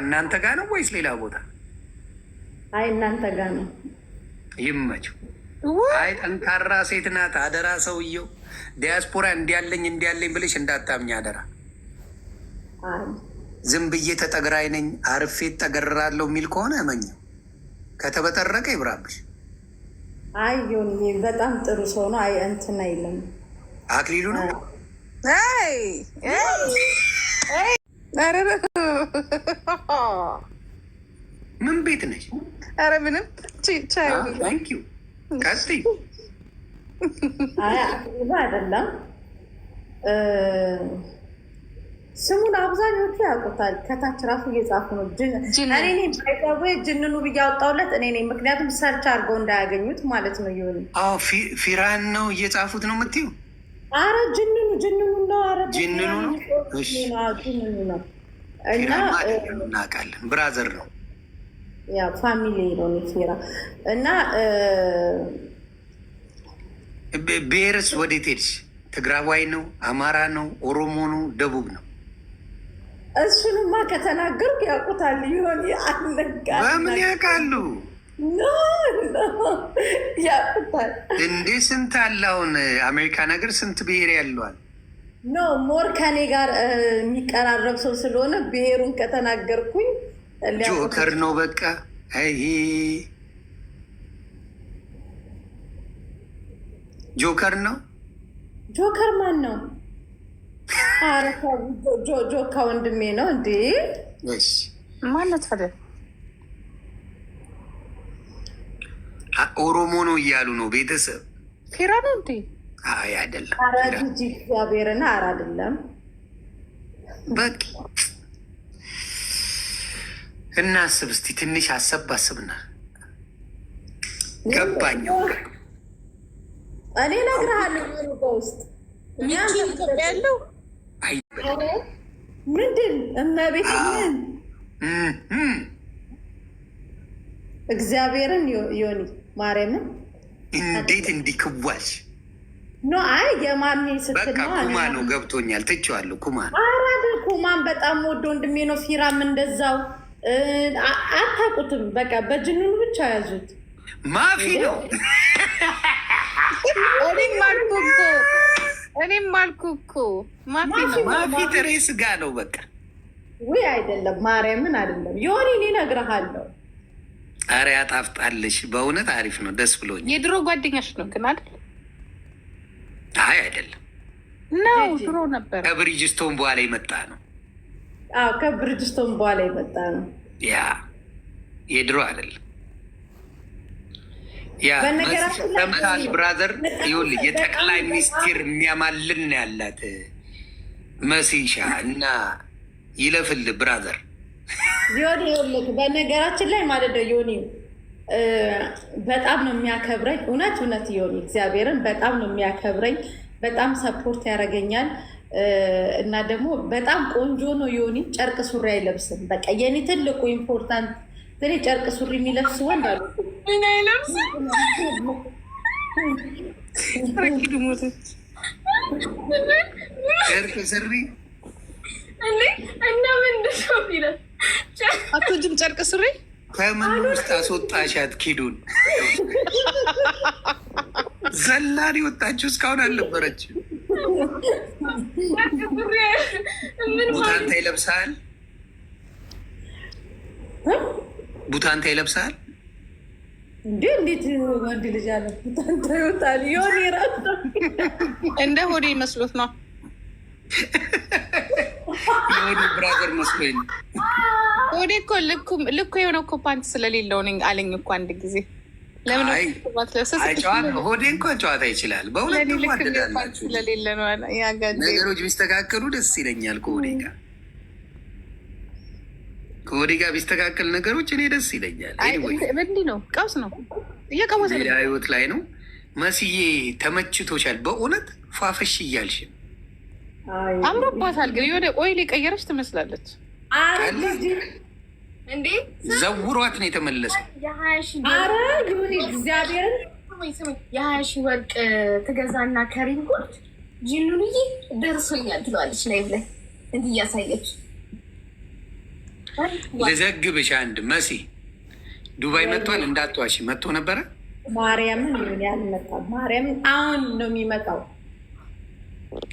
እናንተ ጋ ነው ወይስ ሌላ ቦታ? አይ እናንተ ጋ ነው። ይመችው። አይ ጠንካራ ሴት ናት። አደራ ሰውየው ዲያስፖራ እንዲያለኝ እንዲያለኝ ብለሽ እንዳታምኝ አደራ። ዝም ብዬ ተጠግራይ ነኝ አርፌ ተገርራለሁ የሚል ከሆነ እመኘው፣ ከተበጠረቀ ይብራብሽ። አይ በጣም ጥሩ ሰው ነው። አይ እንትን አይለም አክሊሉ ነው። እንዴት ነሽ? ኧረ ምንም ታንኪዩ። ቀጥይ። አይደለም ስሙን አብዛኞቹ ያውቁታል። ከታች ራሱ እየጻፉ ነው። እኔ ባይዛዌ ጅንኑ ብዬ አወጣሁለት እኔ ነኝ። ምክንያቱም ሰርች አድርገው እንዳያገኙት ማለት ነው። ይሁን ፊራን ነው እየጻፉት ነው የምትይው? አረ ጅንኑ ጅንኑ ነው። አረ ጅንኑ ነው። ጅንኑ ነው እና እናውቃለን። ብራዘር ነው ያው ፋሚሊ ነው ኔትራ እና ብሔርስ ወዴት ሄድሽ? ትግራዋይ ነው፣ አማራ ነው፣ ኦሮሞ ነው፣ ደቡብ ነው? እሱንማ ከተናገርኩ ያውቁታል። ይሆን አለጋ በምን ያውቃሉ? ያውቁታል እንዴ? ስንት አላውን አሜሪካ ነገር ስንት ብሔር ያለዋል? ኖ ሞር ከኔ ጋር የሚቀራረብ ሰው ስለሆነ ብሔሩን ከተናገርኩኝ ጆከር ነው በቃ። አይ ጆከር ነው። ጆከር ማን ነው? ጆካ ወንድሜ ነው እንዴ? ማነት ታዲያ ኦሮሞ ነው እያሉ ነው ቤተሰብ ፌራ ነው እንዴ? አይ አይደለም። ኧረ እግዚአብሔርን ኧረ አይደለም በቃ እናስብ እስቲ ትንሽ አሰብ አስብና ገባኝ። እኔ እነግርሃለሁ በውስጥ ያለው ምንድን እመቤት ምን እግዚአብሔርን ዮኒ ማርያምን እንዴት እንዲክዋል ኖ አይ የማሚ ስትል ኩማ ነው ገብቶኛል። ትቼዋለሁ። ኩማ አራ ኩማን በጣም ወዶ ወንድሜ ነው። ፊራም እንደዛው አታውቁትም። በቃ በጅኑን ብቻ ያዙት። ማፊ ነው። እኔም አልኩ እኮ እኔም አልኩ እኮ ማፊ ጥሬ ስጋ ነው። በቃ ወይ አይደለም፣ ማርያምን አይደለም። የሆነ እኔ እነግርሃለሁ። ኧረ ያጣፍጣልሽ። በእውነት አሪፍ ነው። ደስ ብሎ የድሮ ጓደኛሽ ነው ግን አይደል? አይ አይደለም ነው ድሮ ነበር። ከብሪጅስቶን በኋላ የመጣ ነው። አዎ ከብርጅስቶን በኋላ የመጣ ነው። ያ የድሮ አይደል? ያመሃል ብራዘር ይሁል የጠቅላይ ሚኒስትር የሚያማልን ያላት መሲሻ እና ይለፍል ብራዘር ዮኒ ይኸውልህ፣ በነገራችን ላይ ማለት ነው ዮኒ በጣም ነው የሚያከብረኝ። እውነት እውነት ዮኒ እግዚአብሔርን በጣም ነው የሚያከብረኝ። በጣም ሰፖርት ያደርገኛል። እና ደግሞ በጣም ቆንጆ ነው። ዮኒ ጨርቅ ሱሪ አይለብስም። በቃ የኔ ትልቁ ኢምፖርታንት ትኔ ጨርቅ ሱሪ የሚለብስ ወንድ አሉ አይለብስም። ጨርቅ ሱሪ ከምን ውስጥ አስወጣሻት? ኪዱን ዘላን የወጣችው እስካሁን አልነበረችም። ቡታንታ ይለብሳል። ቡታንታ ይለብሳል። እንዴ እንዴት ወንድ ልጅ አለ ቡታንታ ይወጣል? ሆን ራ እንደ ሆዴ መስሎት ነው። የሆዴ ብራዘር መስሎኝ ሆዴ እኮ ልኩ የሆነ እኮ ፓንት ስለሌለው አለኝ እኮ አንድ ጊዜ ሆዴ እንኳን ጨዋታ ይችላል። በሁለት ነገሮች ቢስተካከሉ ደስ ይለኛል። ከሆዴ ጋር ከሆዴ ጋር ቢስተካከል ነገሮች እኔ ደስ ይለኛል። እንዲህ ነው፣ ቀውስ ነው፣ እየቀወሰ ህይወት ላይ ነው። መስዬ ተመችቶሻል። በእውነት ፏፈሽ እያልሽ አምሮባታል። ግን የሆነ ኦይል የቀየረች ትመስላለች። ዘውሯት ነው የተመለሰው። ኧረ ይሁን እግዚአብሔርን። የሀያ ሺህ ወርቅ ትገዛና ከሪም ጎልድ ጅኑንዬ ደርሶኛል ትለዋለች። ላይ እያሳየች ልዘግብሽ። አንድ መሲ ዱባይ መጥቷል እንዳትዋሽ መጥቶ ነበረ። ማርያምን ይሁን ያልመጣ ማርያምን አሁን ነው የሚመጣው።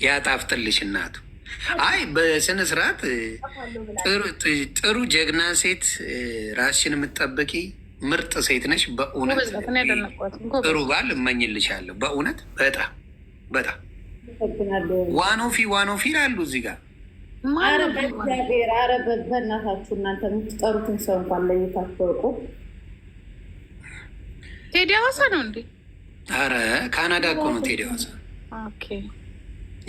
ያጣፍጥልሽ እናቱ አይ በስነ ስርዓት ጥሩ ጀግና ሴት፣ ራስሽን የምትጠብቂ ምርጥ ሴት ነሽ። በእውነት ጥሩ ባል እመኝልሻለሁ። በእውነት በጣም በጣም ዋኖፊ ዋኖፊ ላሉ እዚህ ጋር ኧረ በእናታችሁ እናንተ የምትጠሩትን ሰው እንኳን ለይታችሁ እወቁ። ቴዲ ሀዋሳ ነው እንዴ? ኧረ ካናዳ እኮ ነው ቴዲ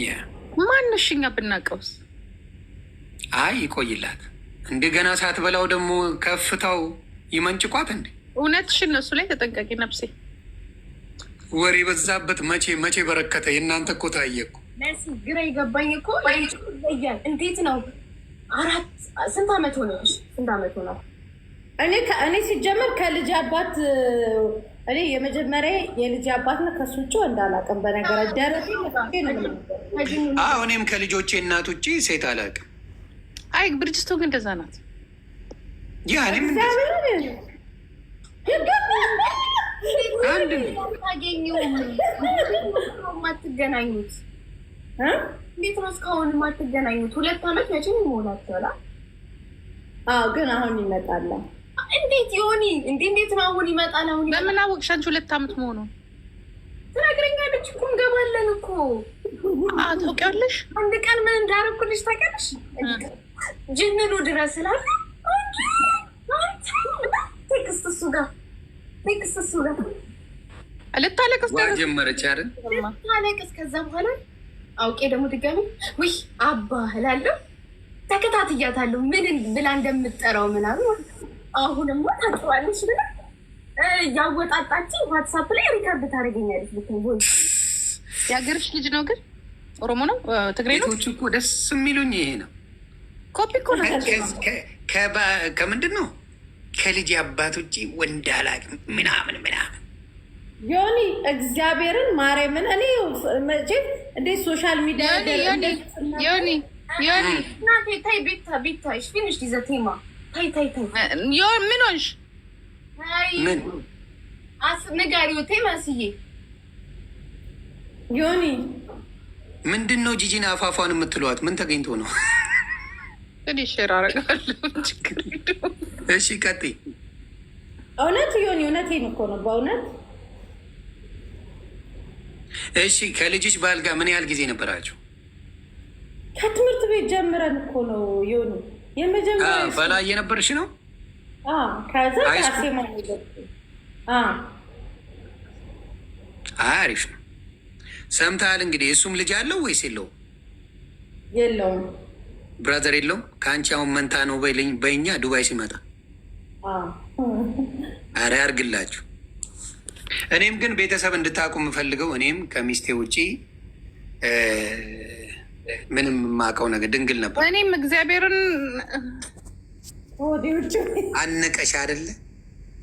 ያ ማነሽ? እኛ ብናቀውስ? አይ ይቆይላት እንደገና ገና ሳትበላው ደግሞ ከፍታው ይመንጭቋት እንዴ! እውነትሽን እሱ ላይ ተጠንቀቂ ነፍሴ። ወሬ በዛበት መቼ መቼ በረከተ። የእናንተ እኮ ታየ እኮ ግራ የገባኝ እኮ ይለያል። እንዴት ነው አራት ስንት አመት ሆነ? ስንት አመት ሆነ? እኔ ከእኔ ሲጀመር ከልጅ አባት እኔ የመጀመሪያ የልጅ አባት ነው። ከሱ ውጭ እንዳላቅም በነገር ደረቴ እኔም ከልጆቼ እናት ውጭ ሴት አላቅም። አይ ብርጅስቶ ግን እንደዛ ናት። ማትገናኙት እንዴት ነው? እስካሁን ማትገናኙት ሁለት አመት መቼም ይሆናቸዋል። ግን አሁን ይመጣለን እንዴት ይሆኒ እንዴ? እንዴት ነው አሁን ይመጣል? አሁን በምን አወቅሽ አንቺ? ሁለት አመት መሆኑ ትነግረኛለች እኮ እንገባለን እኮ ታውቂያለሽ። አንድ ቀን ምን እንዳረኩልሽ ታውቂያለሽ? ጅንኑ ድረስ ስላለ ቴክስት እሱ ጋር ቴክስት እሱ ጋር ልታለቅስ ጀመረች አይደል? ልታለቅስ ከዛ በኋላ አውቄ ደግሞ ድጋሚ ውይ አባ እላለሁ። ተከታትያታለሁ ምን ብላ እንደምጠራው ምናምን አሁንማ ታጭዋለች ብላ ያወጣጣች ዋትሳፕ ላይ ሪከርድ ታደርገኛለች። ብትንጎል የሀገርሽ ልጅ ነው ግን ኦሮሞ ነው ትግሬ ነው። ቤቶቹ እኮ ደስ የሚሉኝ ይሄ ነው። ኮፒ እኮ ነው ከምንድን ነው ከልጅ አባት ውጭ ወንድ አላውቅም ምናምን ምናምን ዮኒ እግዚአብሔርን ማርያምን እኔ መቼ እንዴት ሶሻል ሚዲያ ዮኒ ዮኒ ዮኒ ቤታ ቤታ ፊኒሽ ዲዘ ቴማ ምን ሆንሽ? ንገሪውቴ መስዬ ዮኒ ምንድን ነው ጂጂን አፋፏን የምትለዋት? ምን ተገኝቶ ነው? ሼር አደርጋለሁ። እሺ ቀጥይ። እውነት ዮኒ፣ እውነቴን እኮ ነው በእውነት። እሺ ከልጅሽ ባል ጋር ምን ያህል ጊዜ ነበራችሁ? ከትምህርት ቤት ጀምረን እኮ ነው ዮኒ በላይ የነበርሽ ነው። አሪፍ ነው። ሰምተሃል እንግዲህ። እሱም ልጅ አለው ወይስ የለውም? የለውም። ብራዘር የለውም። ከአንቺ አሁን መንታ ነው በኛ ዱባይ ሲመጣ አረ ያርግላችሁ። እኔም ግን ቤተሰብ እንድታውቁ የምፈልገው እኔም ከሚስቴ ውጪ ምንም የማውቀው ነገር ድንግል ነበር። እኔም እግዚአብሔርን አነቀሽ አይደለ?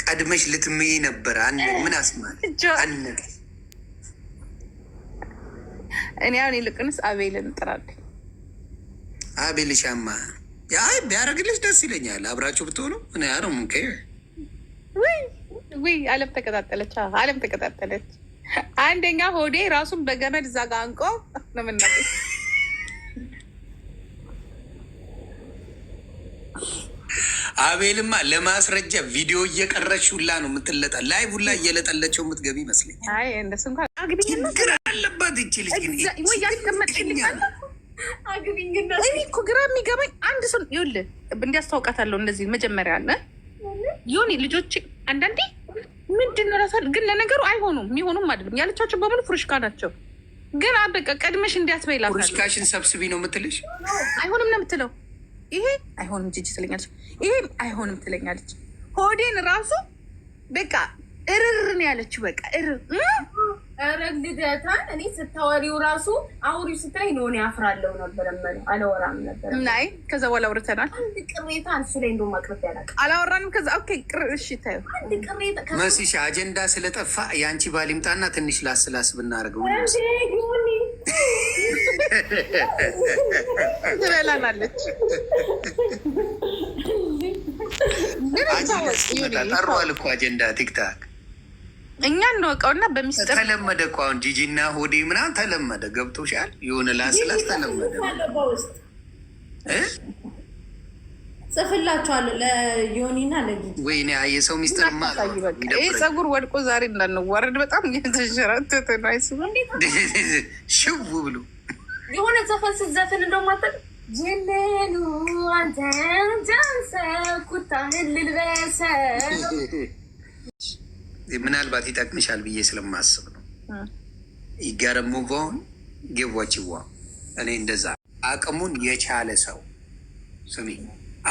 ቀድመሽ ልትምይ ነበር። ምን አስማል እኔ አሁን ይልቅንስ አቤልን ጥራለኝ። አቤል ሻማ አይ ቢያደርግልሽ ደስ ይለኛል። አብራችሁ ብትሆኑ እኔ አረ ሙንከ ውይ አለም ተቀጣጠለች፣ አለም ተቀጣጠለች። አንደኛ ሆዴ ራሱን በገመድ ዛጋ አንቆ ነው ምናምን አቤልማ ለማስረጃ ቪዲዮ እየቀረች ሁላ ነው የምትለጣ ላይ ሁላ እየለጠለቸው የምትገቢ ይመስለኛል። ችግር አለባት ይቺ ልጅ እኔ እኮ ግራ የሚገባኝ አንድ ሰው ይኸውልህ እንዲያስታውቃታለሁ እንደዚህ መጀመሪያ አለ የሆነ ልጆች አንዳንዴ ምንድን ነው ግን ለነገሩ አይሆኑም የሚሆኑም አይደለም ያለቻቸው በሙሉ ፍሩሽካ ናቸው። ግን አበቃ ቀድመሽ እንዲያትበይላታል ፍሩሽካሽን ሰብስቢ ነው የምትልሽ አይሆንም ነው የምትለው ይሄ አይሆንም ጅጅ ትለኛለች፣ ይሄም አይሆንም ትለኛለች። ሆዴን ራሱ በቃ እርርን ነው ያለችው። በቃ እር ረግድታን እኔ ስታወሪው ራሱ አውሪው ስታይ ነው እኔ አፍራለሁ ነበር መ አላወራም ነበር ናይ ከዛ በኋላ አውርተናል። አንድ ቅሬታ አንሱ ላይ እንደውም አቅርቤ አላውቅም፣ አላወራንም። ከዛ ኦኬ ቅር እሺ ታዩ አንድ ቅሬታ መሲሻ አጀንዳ ስለጠፋ የአንቺ ባል ይምጣና ትንሽ ላስላስ ብናደርገው ትበላናለች። ጠሯል አጀንዳ ቲክታክ እኛ በሚስጥር ተለመደ እኮ አሁን ጂጂና ሆዴ ምናምን ተለመደ። ገብቶሻል? የሆነ ላስላስ ተለመደ። ለዮኒና ለጊዜ ወይ የሰው ሚስጥር ይህ ጸጉር ወድቆ ዛሬ እንዳንዋረድ በጣም እየተሸራተተ ነው። አይስብም ሽው ብሎ የሆነ ዘፈን ስትዘፍን እንደማጠቅ አታውቅም። ጀለሉ አንተን ጃንሰብ ኩታህን ልልበሰው ምናልባት ይጠቅምሻል ብዬ ስለማስብ ነው። ይጋር ሙቮን ጌዋችዋ እኔ እንደዛ አቅሙን የቻለ ሰው ስሚ፣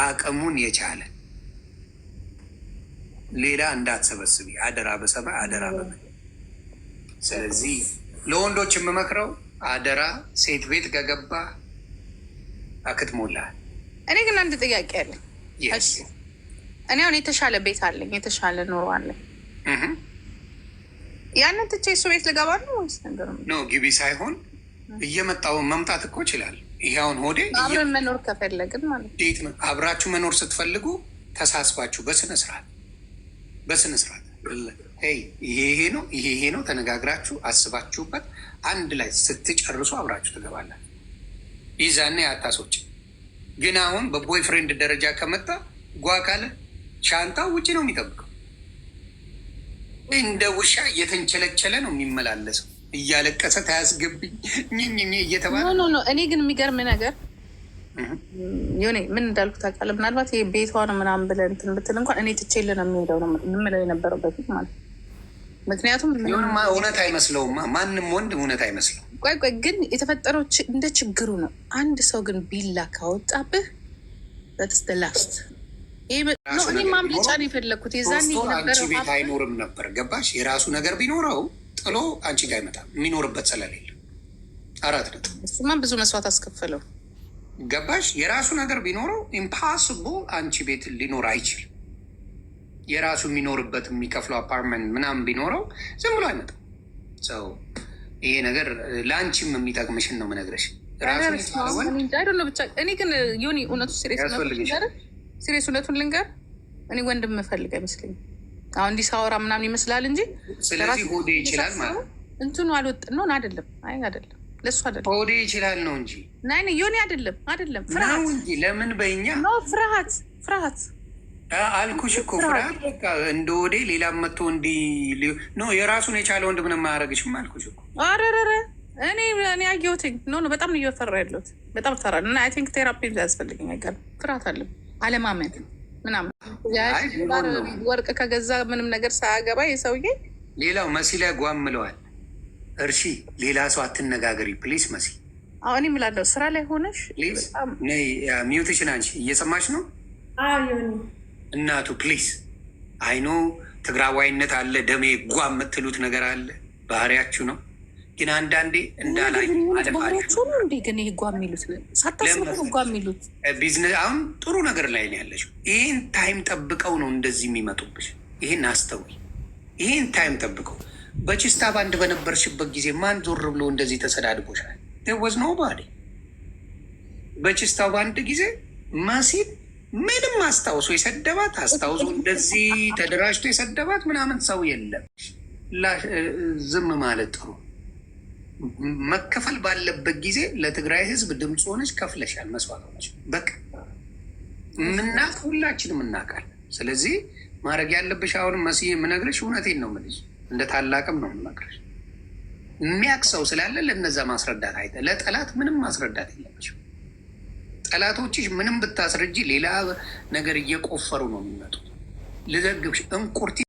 አቅሙን የቻለ ሌላ እንዳትሰበስቢ አደራ፣ በሰባ አደራ በመ ስለዚህ ለወንዶች የምመክረው አደራ ሴት ቤት ከገባ አክትሞላል። እኔ ግን አንድ ጥያቄ አለኝ። እኔ አሁን የተሻለ ቤት አለኝ፣ የተሻለ ኑሮ አለኝ። ያንን ትቼ እሱ ቤት ልገባ ነው ወይስ ነገሩ ነው? ግቢ ሳይሆን እየመጣው መምጣት እኮ ይችላል። ይሄ አሁን ሆዴ አብረን መኖር ከፈለግን ማለት ነው። አብራችሁ መኖር ስትፈልጉ ተሳስባችሁ በስነስርዓት በስነስርዓት ይሄ ይሄ ነው ይሄ ይሄ ነው ተነጋግራችሁ አስባችሁበት አንድ ላይ ስትጨርሱ አብራችሁ ትገባላችሁ። ይዛና የአታሶች ግን አሁን በቦይፍሬንድ ደረጃ ከመጣ ጓ ካለ ሻንጣው ውጭ ነው የሚጠብቀው። እንደ ውሻ እየተንቸለቸለ ነው የሚመላለሰው። እያለቀሰ ታያስገብኝ እየተባለ ነው። እኔ ግን የሚገርም ነገር ሆኔ ምን እንዳልኩት ታውቃለህ፣ ምናልባት ይሄ ቤቷን ምናምን ብለን እንትን ብትል እንኳን እኔ ትቼልህ ነው የሚሄደው ነው የምለው የነበረው በፊት ማለት ነው። ምክንያቱም እውነት አይመስለውም፣ ማንም ወንድ እውነት አይመስለው። ቆይ ቆይ ግን የተፈጠረው እንደ ችግሩ ነው። አንድ ሰው ግን ቢላ ካወጣብህ ስ ላስት እኔ ማምለጫ ነው የፈለግኩት። የዛን ቤት አይኖርም ነበር ገባሽ? የራሱ ነገር ቢኖረው ጥሎ አንቺ ጋር አይመጣም። የሚኖርበት ስለሌለ አራት ነው። እሱማ ብዙ መስዋዕት አስከፈለው ገባሽ? የራሱ ነገር ቢኖረው ኢምፓስብል አንቺ ቤት ሊኖር አይችልም። የራሱ የሚኖርበት የሚከፍለው አፓርትመንት ምናምን ቢኖረው ዝም ብሎ አይመጣም ሰው። ይሄ ነገር ለአንቺም የሚጠቅምሽን ነው የምነግርሽ። ብቻ እኔ ግን ዮኒ እውነቱ ሲሬስ እውነቱን ልንገር፣ እኔ ወንድም የምፈልግ አይመስለኝም። አሁን እንዲህ ሳወራ ምናምን ይመስላል እንጂ ስለዚህ ሆዴ ይችላል ማለት እንትኑ አልወጥ ነው አይደለም። አይ አይደለም፣ ለሱ አይደለም። ሆዴ ይችላል ነው እንጂ ናይ ዮኒ አይደለም፣ አይደለም። ፍርሃት ለምን በኛ ፍርሃት ፍርሃት አልኩሽ እኮ ፍርሃት በቃ እንደ ወዴ ሌላ መጥቶ እንዲ ኖ የራሱን የቻለ ወንድ ምንም አያደርግሽም። አልኩሽ እኮ አረረረ እኔ እኔ አየሁትኝ ኖ ኖ በጣም ነው እየፈራ ያለሁት በጣም ፈራ እና አይ ቲንክ ቴራፒ ያስፈልገኝ ነገር ፍርሃት አለም አለማመን ምናምን ወርቅ ከገዛ ምንም ነገር ሳያገባ የሰውዬ ሌላው መሲ ላይ ጓም ምለዋል። እርሺ ሌላ ሰው አትነጋገሪ ፕሊስ መሲ። አሁን እምላለሁ ስራ ላይ ሆነሽ ሚዩቴሽን አንቺ እየሰማሽ ነው አዎ ይሁን እናቱ ፕሊስ አይኖ ትግራዋይነት አለ ደሜ ጓ የምትሉት ነገር አለ ባህሪያችሁ ነው። ግን አንዳንዴ እንዳላይ እንዴ ግን ጓ የሚሉት ጓ የሚሉት ቢዝነስ አሁን ጥሩ ነገር ላይ ነው ያለችው። ታይም ጠብቀው ነው እንደዚህ የሚመጡብሽ። ይሄን ታይም ጠብቀው ባንድ በነበርሽበት ጊዜ ማን ዞር ብሎ እንደዚህ ተሰዳድቦሻል? ወዝ ነው ባንድ ጊዜ ምንም አስታውሶ የሰደባት አስታውሶ እንደዚህ ተደራጅቶ የሰደባት ምናምን ሰው የለም። ዝም ማለት ጥሩ። መከፈል ባለበት ጊዜ ለትግራይ ህዝብ ድምፅ ሆነች ከፍለሻል፣ መስዋዕቶች በቃ የምናውቅ ሁላችንም እናውቃል። ስለዚህ ማድረግ ያለብሽ አሁን መስዬ የምነግርሽ እውነቴን ነው የምልሽ፣ እንደ ታላቅም ነው የምነግርሽ። የሚያቅ ሰው ስላለ ለነዛ ማስረዳት አይተ ለጠላት ምንም ማስረዳት የለብሽም። ጠላቶችሽ ምንም ብታስረጂ ሌላ ነገር እየቆፈሩ ነው የሚመጡት። ልዘግብሽ እንቁርቲ